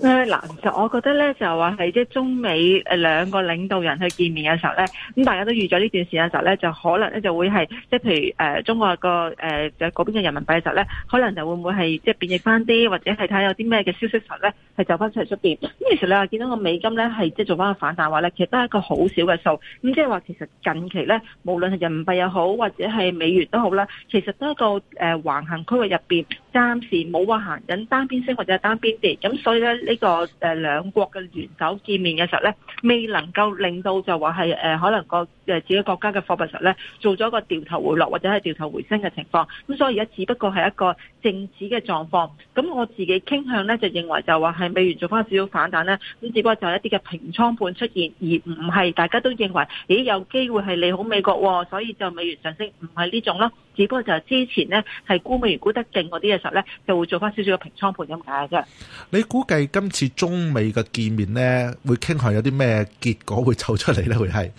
誒就、嗯、我覺得咧，就話係即係中美兩個領導人去見面嘅時候咧，咁大家都預咗呢段時間時候咧，就可能咧就會係即係譬如誒中國個誒就嗰邊嘅人民幣嘅時候咧，可能就會唔會係即係變移翻啲，或者係睇下有啲咩嘅消息實咧係走翻出嚟出邊。咁其實你話見到，呢到個美金咧係即係做翻個反彈話咧，其實都係一個好少嘅數。咁即係話其實近期咧，無論係人民幣又好，或者係美元都好啦，其實都係一個誒橫行區域入邊。暫時冇話行緊單邊升或者單邊跌，咁所以咧呢、呢個誒兩、呃、國嘅元首見面嘅時候咧，未能夠令到就話係誒可能個，就係自己國家嘅貨幣實咧做咗個掉頭回落或者係掉頭回升嘅情況，咁所以而家只不過係一個靜止嘅狀況。咁我自己傾向咧就認為就話係美元做翻少少反彈咧，咁只不過就係一啲嘅平倉盤出現，而唔係大家都認為咦有機會係利好美國，哦，所以就美元上升，唔係呢種咯。只不過就係之前呢，係沽美元沽得勁嗰啲嘅時候咧，就會做翻少少嘅平倉盤咁解嘅。你估計今次中美嘅見面咧，會傾向有啲咩結果會走出嚟咧？會係？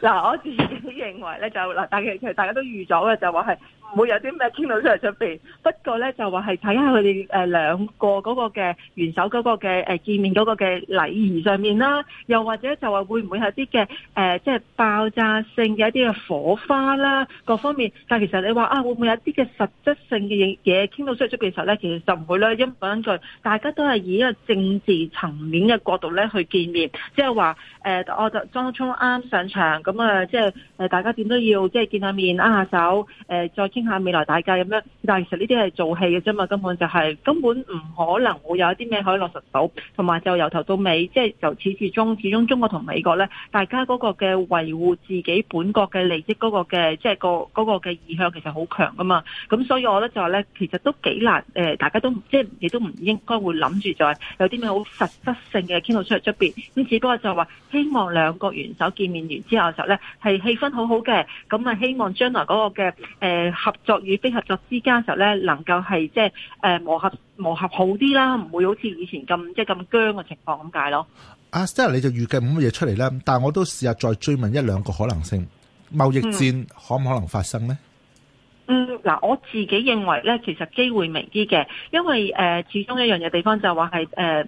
嗱， 我自己認為咧就嗱，但其實大家都預咗嘅，就話係。唔會有啲咩傾到出嚟出邊，不過咧就話係睇下佢哋誒兩個嗰個嘅元首嗰個嘅誒見面嗰個嘅禮儀上面啦，又或者就話會唔會有啲嘅誒即係爆炸性嘅一啲嘅火花啦各方面，但係其實你話啊會唔會有啲嘅實質性嘅嘢傾到出嚟出邊？其實咧其實就唔會啦，因講一句大家都係以一個政治層面嘅角度咧去見面，即係話誒我就 Trump 啱啱上場咁啊、呃，即係誒、呃、大家點都要即係見下面握下手誒、呃、再。聽下未來大家咁樣，但係其實呢啲係做戲嘅啫嘛，根本就係，根本唔可能會有一啲咩可以落實到，同埋就由頭到尾，即係由始至終，始終中國同美國咧，大家嗰個嘅維護自己本國嘅利益嗰個嘅，即係嗰個嘅意向其，其實好強噶嘛。咁所以我覺得就話咧，其實都幾難誒，大家都即係亦都唔應該會諗住在有啲咩好實質性嘅傾到出嚟，出邊。咁只不過就話希望兩國元首見面完之後嘅時候咧，係氣氛好好嘅，咁啊希望將來嗰個嘅誒。呃合作與非合作之間就咧，能夠係即係誒磨合磨合好啲啦，唔會好似以前咁即係咁僵嘅情況咁解咯。阿 Stella，你就預計冇乜嘢出嚟啦。但係我都試下再追問一兩個可能性，貿易戰可唔可能發生呢？嗯，嗱、嗯，我自己認為咧，其實機會明啲嘅，因為誒、呃，始終一樣嘢地方就話係誒。呃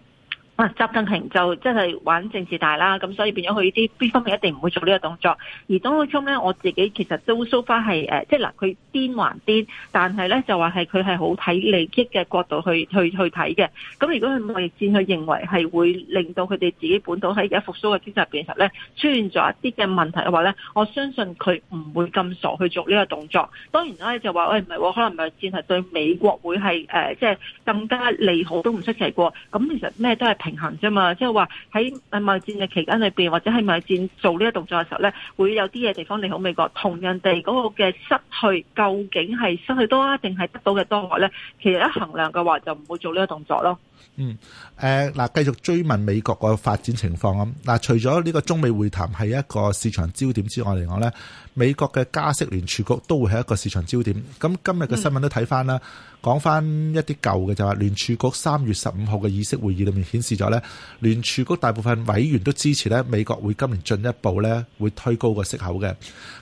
啊！習近平就即係玩政治大啦，咁所以變咗佢呢啲 B 方面一定唔會做呢個動作。而特朗普呢，我自己其實都 so far 係誒，即係嗱，佢癲還癲，但係呢就話係佢係好睇利益嘅角度去去去睇嘅。咁如果佢貿易戰，佢認為係會令到佢哋自己本土喺而家復甦嘅經濟入邊實呢，出現咗一啲嘅問題嘅話呢，我相信佢唔會咁傻去做呢個動作。當然啦，就話喂唔係可能貿易戰係對美國會係誒、呃，即係更加利好都唔出奇過。咁其實咩都係平衡啫嘛，即係話喺貿易戰嘅期間裏邊，或者喺貿易戰做呢個動作嘅時候咧，會有啲嘢、地方利好美國，同人哋嗰個嘅失去究竟係失去多啊，定係得到嘅多呀咧，其實一衡量嘅話，就唔會做呢個動作咯。嗯，誒、呃、嗱，繼續追問美國個發展情況咁。嗱，除咗呢個中美會談係一個市場焦點之外嚟講呢，美國嘅加息聯儲局都會係一個市場焦點。咁今日嘅新聞都睇翻啦，講翻、嗯、一啲舊嘅就話聯儲局三月十五號嘅議息會議裏面顯示咗呢，聯儲局大部分委員都支持呢，美國會今年進一步呢會推高個息口嘅。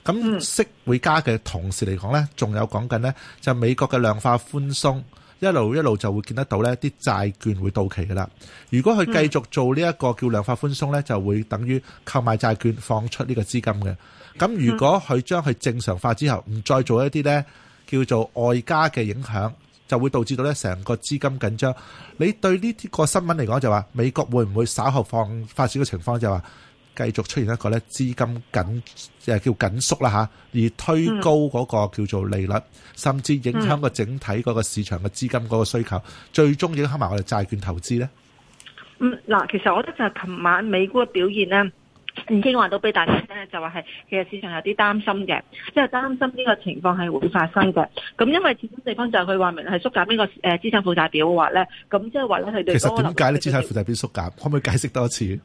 咁息會加嘅同時嚟講呢，仲有講緊呢，就美國嘅量化寬鬆。一路一路就會見得到呢啲債券會到期㗎啦。如果佢繼續做呢一個叫量化寬鬆呢就會等於購買債券，放出呢個資金嘅。咁如果佢將佢正常化之後，唔再做一啲呢叫做外加嘅影響，就會導致到呢成個資金緊張。你對呢啲個新聞嚟講就話，美國會唔會稍後放發展嘅情況就話？繼續出現一個咧資金緊誒叫緊縮啦吓，而推高嗰個叫做利率，嗯、甚至影響個整體嗰個市場嘅資金嗰個需求，嗯、最終影響埋我哋債券投資咧。嗯，嗱，其實我覺得就係琴晚美股嘅表現唔經話到俾大家聽咧，就話係其實市場有啲擔心嘅，即係擔心呢個情況係會發生嘅。咁因為始終地方就係佢話明係縮減呢個誒資產負債表嘅話咧，咁即係話咧佢哋其實點解咧資產負債表縮減，可唔可以解釋多一次？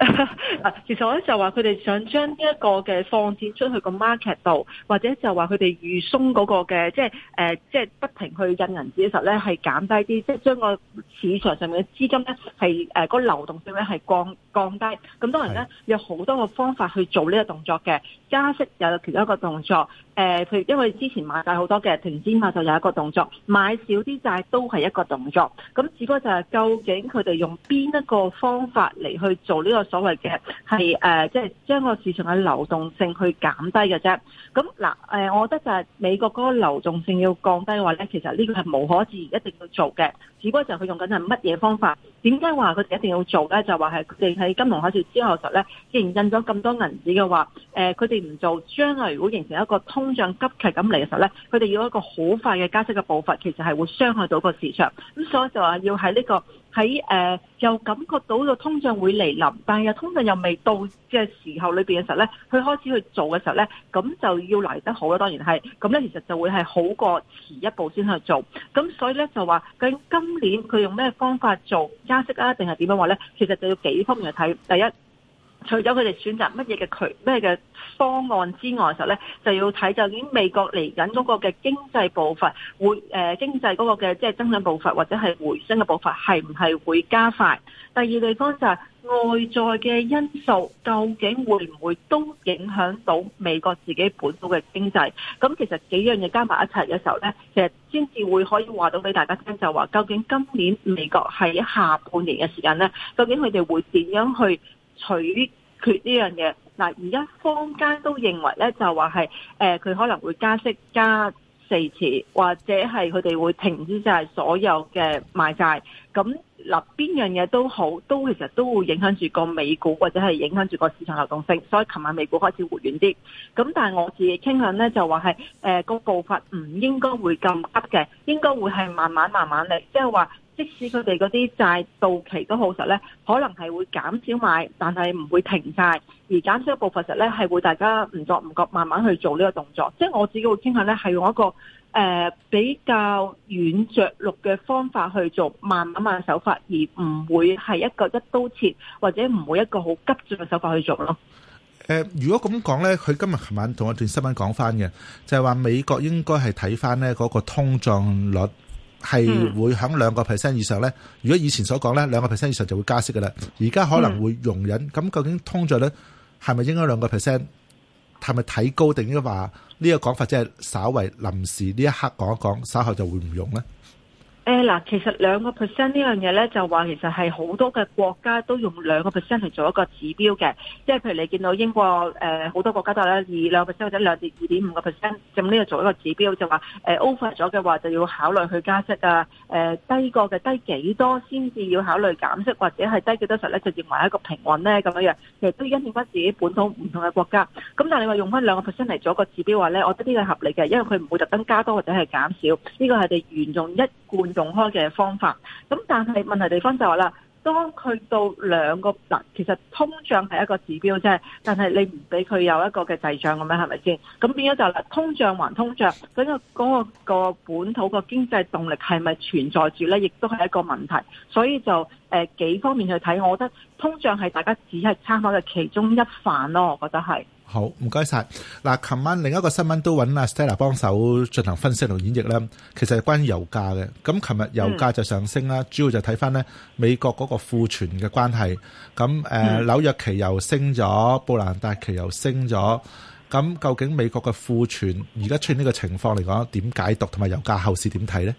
其實我咧就話佢哋想將呢一個嘅放置出去個 market 度，或者就話佢哋預鬆嗰個嘅，即係誒，即係不停去印銀紙嘅時候咧，係減低啲，即係將個市場上面嘅資金咧，係誒嗰個流動性咧係降降低。咁當然咧有好多個方法去做呢個動作嘅，加息有其中一個動作，誒，佢因為之前買晒好多嘅，突然之間就有一個動作買少啲，債都係一個動作。咁只不過就係究竟佢哋用邊一個方法嚟去做？呢個所謂嘅係誒，即係將個市場嘅流動性去減低嘅啫。咁嗱，誒、呃，我覺得就係美國嗰個流動性要降低嘅話咧，其實呢個係無可置疑一定要做嘅。只不過就係佢用緊係乜嘢方法？點解話佢哋一定要做咧？就話係佢哋喺金融海嘯之後時候咧，既然印咗咁多銀紙嘅話，誒、呃，佢哋唔做，將來如果形成一個通脹急劇咁嚟嘅時候咧，佢哋要一個好快嘅加息嘅步伐，其實係會傷害到個市場。咁所以就話要喺呢、這個。喺誒又感覺到個通脹會嚟臨，但係又通脹又未到嘅時候裏邊嘅時候咧，佢開始去做嘅時候咧，咁就要嚟得好啦。當然係，咁咧其實就會係好過遲一步先去做。咁所以咧就話究竟今年佢用咩方法做加息啊，定係點樣話咧？其實就要幾方面去睇。第一。除咗佢哋選擇乜嘢嘅渠咩嘅方案之外嘅時候咧，就要睇究竟美國嚟緊嗰個嘅經濟步伐，會誒經濟嗰個嘅即係增長步伐或者係回升嘅步伐係唔係會加快？第二地方就係外在嘅因素，究竟會唔會都影響到美國自己本土嘅經濟？咁其實幾樣嘢加埋一齊嘅時候咧，其實先至會可以話到俾大家聽，就話究竟今年美國喺下半年嘅時間咧，究竟佢哋會點樣去？取決呢樣嘢，嗱而家坊間都認為咧，就話係誒佢可能會加息加四次，或者係佢哋會停止晒所有嘅賣債。咁嗱邊樣嘢都好，都其實都會影響住個美股，或者係影響住個市場流動性。所以琴晚美股開始回暖啲。咁但係我自己傾向咧，就話係誒個步伐唔應該會咁急嘅，應該會係慢慢慢慢嚟，即係話。即使佢哋嗰啲債到期都好實咧，可能係會減少買，但係唔會停曬，而減少一部分實咧係會大家唔作唔覺慢慢去做呢個動作。即係我自己會傾向咧，係用一個誒、呃、比較軟着陸嘅方法去做，慢慢慢手法，而唔會係一個一刀切，或者唔會一個好急進嘅手法去做咯。誒、呃，如果咁講咧，佢今日琴晚同我一段新聞講翻嘅，就係、是、話美國應該係睇翻咧嗰個通脹率。係會喺兩個 percent 以上咧？如果以前所講咧，兩個 percent 以上就會加息嘅啦。而家可能會容忍。咁究竟通脹咧係咪應該兩個 percent？係咪睇高定應該話呢個講法即係稍為臨時呢一刻講一講，稍後就會唔用咧？誒嗱，其實兩個 percent 呢樣嘢咧，就話其實係好多嘅國家都用兩個 percent 嚟做一個指標嘅，即係譬如你見到英國誒好、呃、多國家都係咧以兩個 percent 或者兩至二點五個 percent，咁呢個做一個指標就話誒 over 咗嘅話就要考慮去加息啊，誒、呃、低過嘅低幾多先至要考慮減息，或者係低幾多時候咧就認為一個平穩咧咁樣樣，其實都已因應翻自己本土唔同嘅國家。咁但係你話用翻兩個 percent 嚟做一個指標話咧，我覺得呢個係合理嘅，因為佢唔會特登加多或者係減少，呢個係哋沿用一貫。用開嘅方法，咁但係問題地方就話、係、啦，當佢到兩個嗱，其實通脹係一個指標啫，但係你唔俾佢有一個嘅滯脹咁樣，係咪先？咁變咗就啦、係，通脹還通脹，嗰、嗰個嗰個個本土個經濟動力係咪存在住呢？亦都係一個問題，所以就誒幾方面去睇，我覺得通脹係大家只係參考嘅其中一範咯，我覺得係。好，唔該晒。嗱，琴晚另一個新聞都揾阿 Stella 幫手進行分析同演繹啦。其實係關於油價嘅。咁琴日油價就上升啦，嗯、主要就睇返咧美國嗰個庫存嘅關係。咁誒紐約期油升咗，布蘭達期油升咗。咁究竟美國嘅庫存而家出現呢個情況嚟講，點解讀同埋油價後市點睇呢？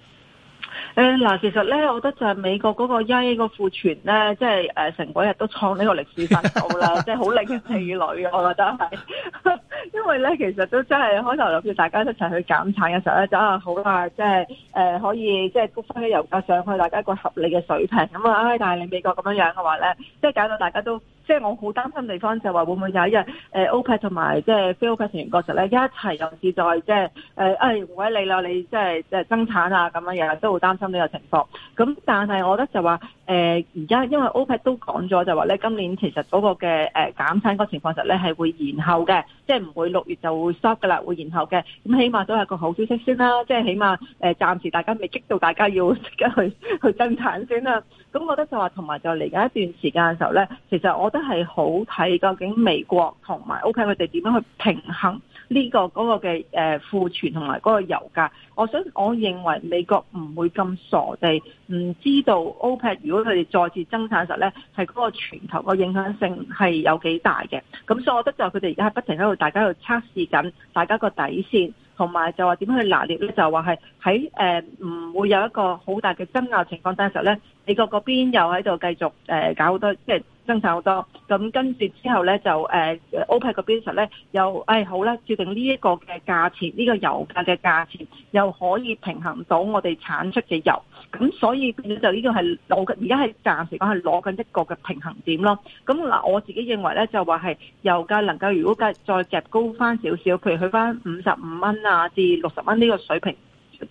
誒嗱，其實咧， 我覺得就係美國嗰個一個庫存咧，即係誒成鬼日都創呢個歷史新高啦，即係好令人氣餒，我覺得係。因為咧，其實都真係開頭諗住大家一齊去減產嘅時候咧，就是、啊好啦、啊，即係誒可以即係谷翻啲油價上去，大家一個合理嘅水平。咁啊，但係你美國咁樣樣嘅話咧，即係搞到大家都～即係我好擔心地方就話會唔會有一日 OPEC 同埋即係非 OPEC 成員國實咧一齊又是在即係誒唔該你啦，你即係即係增產啊咁樣樣，都好擔心呢個情況。咁但係我覺得就話誒而家因為 OPEC 都講咗就話呢今年其實嗰個嘅減產嗰情況實呢係會延後嘅，即係唔會六月就會 stop 㗎啦，會延後嘅。咁起碼都係個好消息先啦，即係起碼誒暫時大家未激到大家要即刻去去增產先啦。咁我覺得就話同埋就嚟緊一段時間嘅時候咧，其實我覺得係好睇究竟美國同埋 OPEC 佢哋點樣去平衡呢個嗰個嘅誒庫存同埋嗰個油價。我想我認為美國唔會咁傻地唔知道 OPEC 如果佢哋再次增產嘅時候咧，係嗰個全球個影響性係有幾大嘅。咁所以我覺得就佢哋而家係不停喺度，大家喺度測試緊大家個底線。同埋就話點樣去拿捏呢，就話係喺唔會有一個好大嘅爭拗情況底下時候咧，美國嗰邊又喺度繼續、呃、搞好多即係生產好多，咁跟住之後咧就誒、呃、OPEC 嗰邊咧又誒、哎、好啦，決定呢一個嘅價錢，呢、這個油價嘅價錢又可以平衡到我哋產出嘅油，咁所以就呢個係攞緊，而家係暫時講係攞緊一個嘅平衡點咯。咁嗱，我自己認為咧就話係油價能夠如果再再夾高翻少少，譬如去翻五十五蚊啊至六十蚊呢個水平。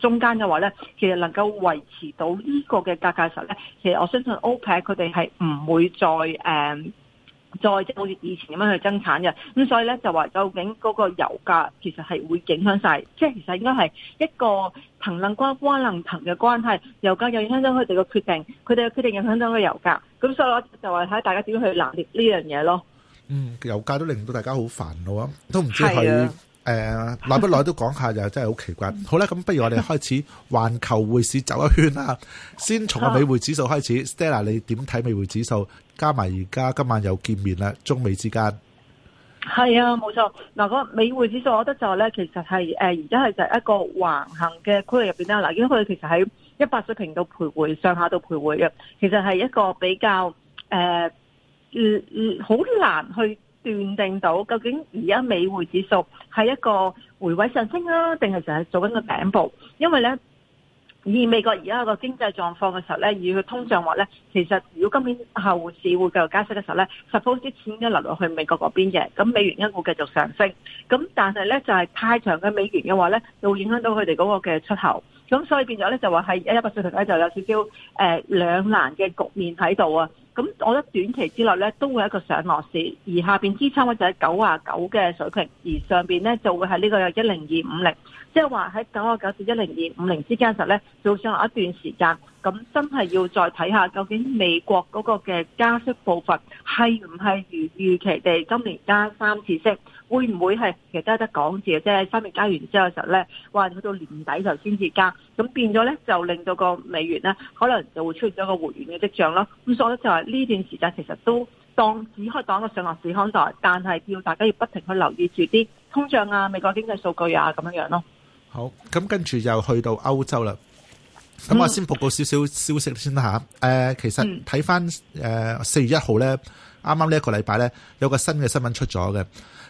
中間嘅話咧，其實能夠維持到呢個嘅價格嘅時候咧，其實我相信 OPEC 佢哋係唔會再誒、嗯、再即好似以前咁樣去增產嘅。咁所以咧就話究竟嗰個油價其實係會影響晒，即係其實應該係一個騰衡關關能騰嘅關係。油價又影響咗佢哋嘅決定，佢哋嘅決定又影響咗個油價。咁所以我就話睇大家點去拿捏呢樣嘢咯。嗯，油價都令到大家好煩惱咯，都唔知係。誒，耐、呃、不耐都講下，就 真係好奇怪。好咧，咁不如我哋開始環球匯市走一圈啦。先從個美匯指數開始 ，Stella，你點睇美匯指數？加埋而家今晚又見面啦，中美之間。係啊，冇錯。嗱、那，個美匯指數，我覺得就咧，其實係誒，而家係就係一個橫行嘅區域入邊啦。嗱、呃，因為佢其實喺一百水平度徘徊，上下度徘徊嘅，其實係一個比較誒，嗯、呃、嗯，好、呃、難去。斷定到究竟而家美匯指數係一個回位上升啊，定係就係做緊個頂部？因為咧，以美國而家個經濟狀況嘅時候咧，以佢通脹話咧，其實如果今年後市會繼續加息嘅時候咧，suppose 啲錢都流落去美國嗰邊嘅，咁美元應該會繼續上升。咁但係咧就係、是、太長嘅美元嘅話咧，就會影響到佢哋嗰個嘅出口。咁所以變咗咧就話係一一百四十咧就有少少誒兩難嘅局面喺度啊！咁我覺得短期之內咧都會有一個上落市，而下面支撐位就係九啊九嘅水平，而上面咧就會係呢個一零二五零，即係話喺九啊九至一零二五零之間嘅時候咧就會上落一段時間。咁真係要再睇下，究竟美國嗰個嘅加息步伐係唔係如預期地今年加三次息，會唔會係其實都係得講字，三月加完之後嘅時候咧，話去到年底就先至加，咁變咗咧就令到個美元咧可能就會出現咗個回軟嘅跡象咯。咁所以就係呢段時間其實都當只可以當個上落市看待，但係要大家要不停去留意住啲通脹啊、美國經濟數據啊咁樣樣咯。好，咁跟住又去到歐洲啦。咁我先報告少少消息先啦吓。誒，其實睇翻誒四月一號呢，啱啱呢一個禮拜呢，有個新嘅新聞出咗嘅，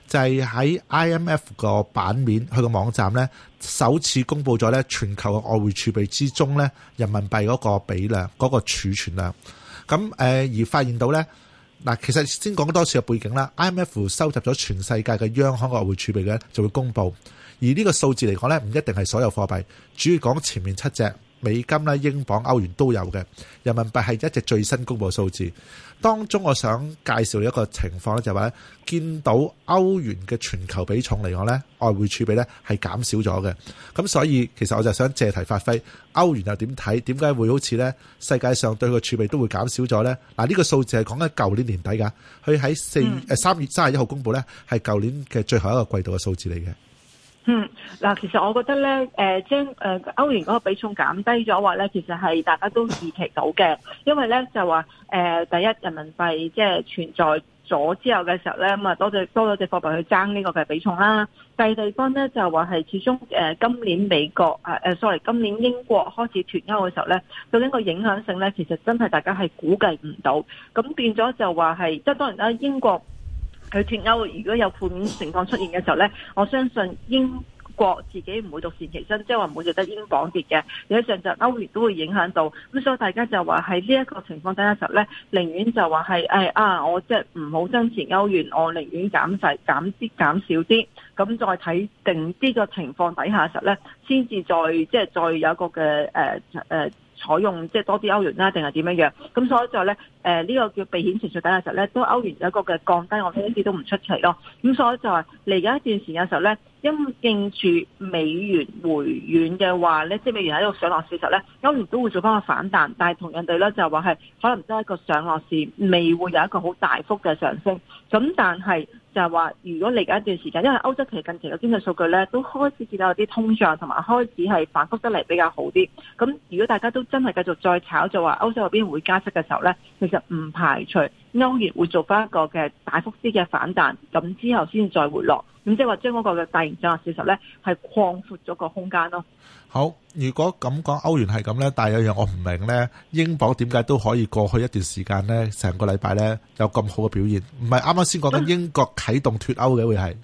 就係喺 I M F 個版面，佢個網站呢，首次公布咗呢全球嘅外匯儲備之中呢人民幣嗰個比例嗰個儲存量。咁誒而發現到呢，嗱，其實先講多次嘅背景啦。I M F 收集咗全世界嘅央行外匯儲備呢，就會公布。而呢個數字嚟講呢，唔一定係所有貨幣，主要講前面七隻。美金啦、英鎊、歐元都有嘅，人民幣係一直最新公布的數字。當中我想介紹一個情況咧，就係話咧，見到歐元嘅全球比重嚟講呢，外匯儲備呢係減少咗嘅。咁所以其實我就想借題發揮，歐元又點睇？點解會好似呢世界上對佢嘅儲備都會減少咗呢？嗱、這、呢個數字係講緊舊年年底㗎，佢喺四月三、嗯、月三十一號公布呢，係舊年嘅最後一個季度嘅數字嚟嘅。嗯，嗱，其實我覺得咧，誒將誒歐元嗰個比重減低咗話咧，其實係大家都預期到嘅，因為咧就話誒、呃、第一人民幣即係存在咗之後嘅時候咧，咁啊多隻多咗隻貨幣去爭呢個嘅比重啦、啊。第二地方咧就話係始終、呃、今年美國誒誒、呃、sorry，今年英國開始脱歐嘅時候咧，究竟個影響性咧，其實真係大家係估計唔到，咁變咗就話係即係當然啦，英國。佢脫歐，歐如果有負面情況出現嘅時候呢，我相信英國自己唔會獨善其身，即係話唔會只得英鎊跌嘅。有一上就歐元都會影響到，咁所以大家就話喺呢一個情況底下時候呢，寧願就話係誒啊，我即係唔好增持歐元，我寧願減晒減啲減少啲，咁再睇定啲個情況底下時候呢，先至再即係、就是、再有一個嘅誒誒。呃呃採用即係多啲歐元啦，定係點樣樣？咁所以就咧、是，誒、呃、呢、呢個叫避險情緒底下嘅時候咧，都歐元有一個嘅降低，我哋一啲都唔出奇咯。咁所以就係嚟緊一段時間嘅時候咧，因應住美元回軟嘅話咧，即係美元喺度上落市嘅時候咧，歐元都會做翻個反彈。但係同樣哋咧就話係，可能真係一個上落市，未會有一個好大幅嘅上升。咁但係。就係話，如果嚟緊一段時間，因為歐洲其實近期嘅經濟數據咧，都開始見到有啲通脹，同埋開始係反覆得嚟比較好啲。咁如果大家都真係繼續再炒，就話歐洲嗰邊會加息嘅時候咧，其實唔排除歐元會做翻一個嘅大幅啲嘅反彈，咁之後先至再回落。咁即係話將嗰個嘅大型商業事實咧，係擴闊咗個空間咯。好，如果咁講，歐元係咁咧，但係有樣我唔明咧，英鎊點解都可以過去一段時間咧，成個禮拜咧有咁好嘅表現？唔係啱啱先講緊英國啟動脫歐嘅會係是？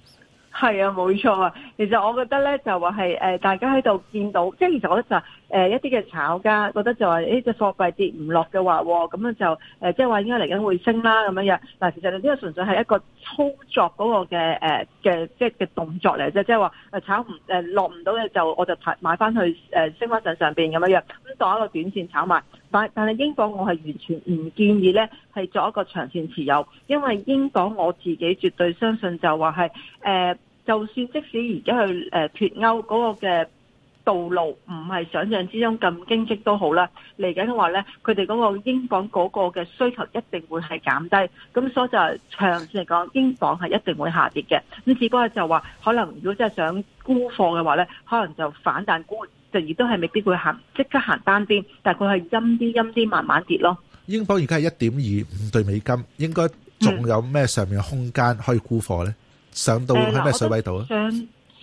係啊，冇錯啊。其實我覺得咧，就話係誒，大家喺度見到，即係其實我覺得就係誒，一啲嘅炒家覺得就話誒，隻貨幣跌唔落嘅話，咁樣就誒，即係話應該嚟緊會升啦咁樣樣。嗱，其實呢個純粹係一個。操作嗰個嘅嘅即嘅動作嚟啫，即係話炒唔落唔到嘅就我就買返翻去誒、啊、升翻上上邊咁樣樣，咁做一個短線炒賣。但係但英鎊我係完全唔建議咧係做一個長線持有，因為英鎊我自己絕對相信就話係、啊、就算即使而家去、啊、脫脫歐嗰個嘅道路唔係想象之中咁經濟都好啦，嚟緊嘅話咧，佢哋嗰個英鎊嗰個嘅需求一定會係減低，咁所以就長線嚟講，英鎊係一定會下跌嘅。咁只不過就話，可能如果真係想沽貨嘅話咧，可能就反彈沽，就亦都係未必會行即刻行單邊，但佢係陰啲陰啲慢慢跌咯。英鎊而家係一點二五對美金，應該仲有咩上面嘅空間可以沽貨咧？嗯、上到去咩水位度啊？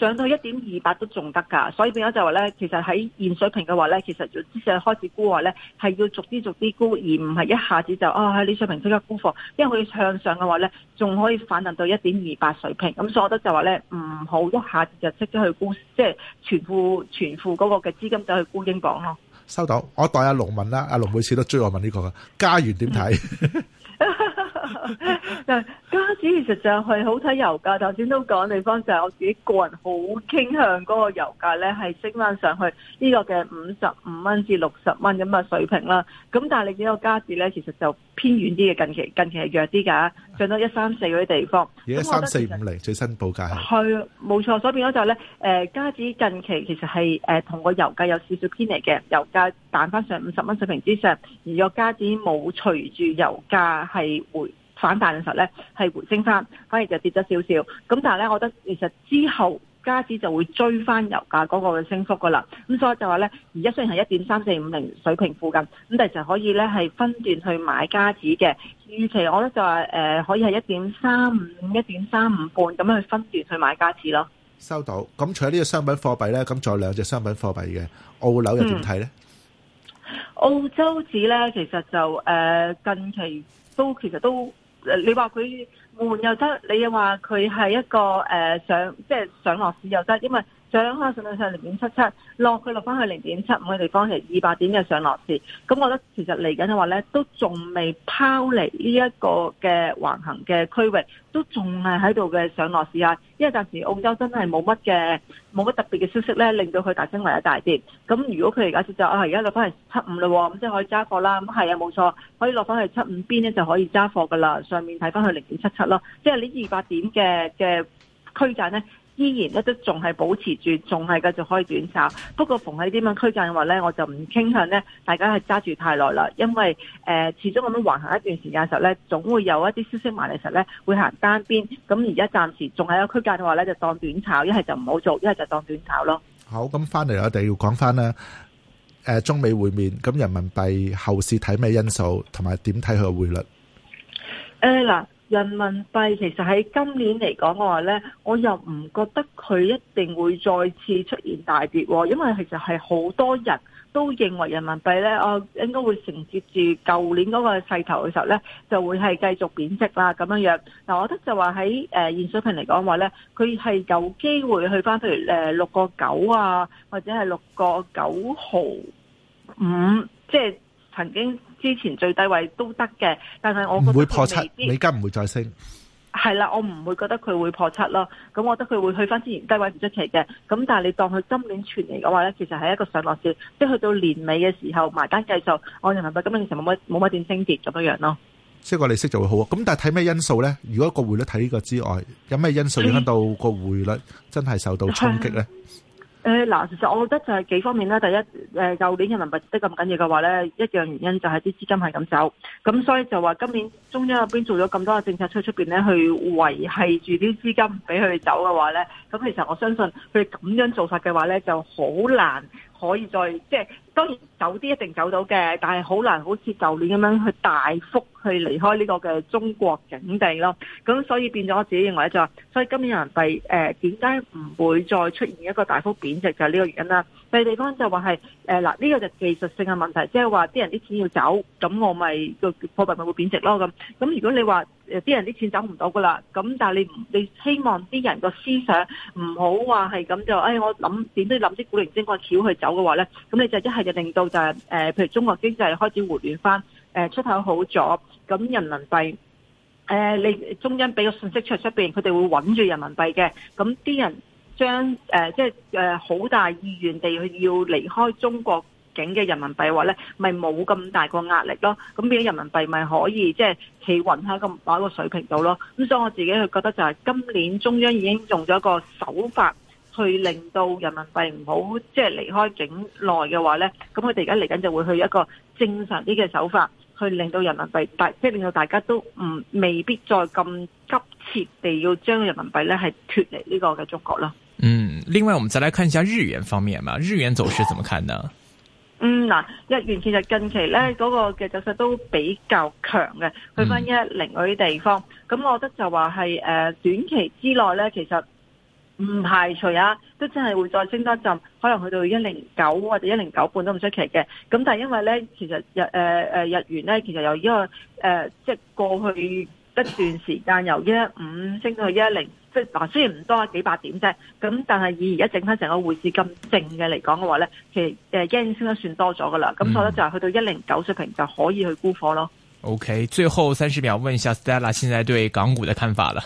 上到一點二八都仲得噶，所以變咗就話咧，其實喺現水平嘅話咧，其實就開始沽話咧，係要逐啲逐啲沽，而唔係一下子就啊喺李水平即刻沽貨，因為佢向上嘅話咧，仲可以反彈到一點二八水平。咁所以我覺得就話咧，唔好一,一下子就即刻去沽，即係全副全副嗰個嘅資金就去沽英鎊咯。收到，我代阿龍問啦，阿龍每次都追我問呢個嘅，嘉源點睇？ 加紙其實就係好睇油價，頭先都講地方就係我自己個人好傾向嗰個油價咧係升翻上去呢個嘅五十五蚊至六十蚊咁嘅水平啦。咁但係你見到加紙咧，其實就偏遠啲嘅，近期近期係弱啲噶，上到一三四嗰啲地方。而一三四五嚟最新報價係啊，冇錯，所以變咗就係咧，誒，加紙近期其實係誒同個油價有少少偏離嘅，油價彈翻上五十蚊水平之上，而個加紙冇隨住油價係回。反彈嘅時候咧，係回升翻，反而就跌咗少少。咁但係咧，我覺得其實之後加紙就會追翻油價嗰個嘅升幅㗎啦。咁所以就話咧，而家雖然係一點三四五零水平附近，咁但係就可以咧係分段去買加紙嘅預期。我覺得就話誒可以係一點三五、一點三五半咁樣去分段去買加紙咯。收到。咁除咗呢個商品貨幣咧，咁仲有兩隻商品貨幣嘅澳紐又點睇咧？澳洲紙咧、嗯，其實就誒、呃、近期都其實都。誒，你話佢換又得，你又話佢係一個誒上，即係上落市又得，因為。上開上去零點七七，落佢落翻去零點七五嘅地方，係二百點嘅上落市。咁我覺得其實嚟緊嘅話咧，都仲未拋離呢一個嘅橫行嘅區域，都仲係喺度嘅上落市啊！因為暫時澳洲真係冇乜嘅冇乜特別嘅消息咧，令到佢大升為一大跌。咁如果佢而家就就啊，而家落翻去七五嘞，咁即係可以揸貨啦。咁係啊，冇錯，可以落翻去七五邊咧就可以揸貨噶啦。上面睇翻去零、就是、點七七咯，即係呢二百點嘅嘅區間咧。依然咧都仲係保持住，仲係繼續可以短炒。不過逢喺啲咁樣區間嘅話咧，我就唔傾向咧，大家係揸住太耐啦。因為誒、呃，始終咁樣橫行一段時間嘅時候咧，總會有一啲消息埋嚟嘅時候咧，會行單邊。咁而家暫時仲係有區間嘅話咧，就當短炒，一係就唔好做，一係就當短炒咯。好，咁翻嚟我哋要講翻啦誒中美會面，咁人民幣後市睇咩因素，同埋點睇佢嘅匯率？誒嗱、欸。人民幣其實喺今年嚟講嘅話呢，我又唔覺得佢一定會再次出現大跌喎，因為其實係好多人都認為人民幣呢，我應該會承接住舊年嗰個勢頭嘅時候呢，就會係繼續貶值啦咁樣樣。嗱，我覺得就話喺誒現水平嚟講話呢，佢係有機會去返，譬如誒六個九啊，或者係六個九毫五，即係。曾經之前最低位都得嘅，但係我唔會破七，美金唔會再升。係啦，我唔會覺得佢會破七咯。咁我覺得佢會去翻之前低位唔出奇嘅。咁但係你當佢今年全年嘅話咧，其實係一個上落市，即係去到年尾嘅時候埋單計數，按人民幣咁，你其實冇乜冇乜點升跌咁樣咯。即係個利息就會好。咁但係睇咩因素咧？如果個匯率睇呢個之外，有咩因素影響到個匯率真係受到衝擊咧？誒，嗱、呃，其實我覺得就係幾方面啦。第一，誒、呃，舊年人民幣跌得咁緊要嘅話咧，一樣原因就係啲資金係咁走，咁所以就話今年中央入邊做咗咁多嘅政策出出邊咧，去維繫住啲資金唔俾佢哋走嘅話咧，咁其實我相信佢哋咁樣做法嘅話咧，就好難。可以再即係當然走啲一,一定走到嘅，但係好難好似舊年咁樣去大幅去離開呢個嘅中國境地咯。咁所以變咗，我自己認為就係，所以今年人民幣誒點解唔會再出現一個大幅貶值就係呢個原因啦。嘅地方就話係誒嗱，呢、呃這個就技術性嘅問題，即係話啲人啲錢要走，咁我咪個貨幣咪會貶值咯咁。咁如果你話啲、呃、人啲錢走唔到噶啦，咁但係你唔你希望啲人個思想唔好話係咁就，誒、哎、我諗點都要諗啲古靈精怪橋去走嘅話咧，咁你就是一係就令到就係、是、誒、呃，譬如中國經濟開始回暖翻，出口好咗，咁人民幣誒、呃、你中央俾個訊息出出邊，佢哋會穩住人民幣嘅，咁啲人。將誒即係誒好大意願地去要離開中國境嘅人民幣嘅話咧，咪冇咁大個壓力咯。咁變咗人民幣咪可以即係企穩喺一個某一個水平度咯。咁所以我自己去覺得就係今年中央已經用咗一個手法去令到人民幣唔好即係離開境內嘅話咧，咁佢哋而家嚟緊就會去一個正常啲嘅手法去令到人民幣大，即係令到大家都唔未必再咁急切地要將人民幣咧係脫離呢個嘅中國咯。嗯，另外我們再來看一下日元方面嘛，日元走勢怎麼看呢？嗯嗱，日元其實近期咧嗰、那個嘅走勢都比較強嘅，去返一零嗰啲地方，咁、嗯、我覺得就話係誒短期之內咧，其實唔排除啊，都真係會再升多一陣，可能去到一零九或者一零九半都唔出奇嘅。咁但係因為咧，其實日誒誒、呃、日元咧，其實由依個誒、呃、即係過去。一段時間由一五升到一零，即係雖然唔多啊幾百點啫，咁但係以而家整翻成個匯市咁靜嘅嚟講嘅話咧，其實誒一升得算多咗噶啦，咁、嗯、所以咧就係去到一零九水平就可以去沽貨咯。OK，最後三十秒問一下 Stella，現在對港股嘅看法啦。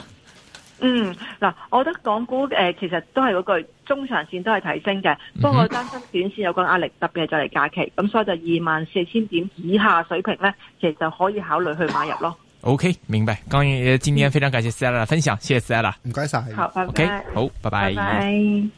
嗯，嗱，我覺得港股誒其實都係嗰句中長線都係睇升嘅，不過擔心短線有個壓力，特別係就嚟假期，咁所以就二萬四千點以下水平咧，其實就可以考慮去買入咯。Okay, 明白，剛也今天非常感謝 Stella 的分享，謝謝 Stella 唔該晒，好，OK，好，拜拜。Okay,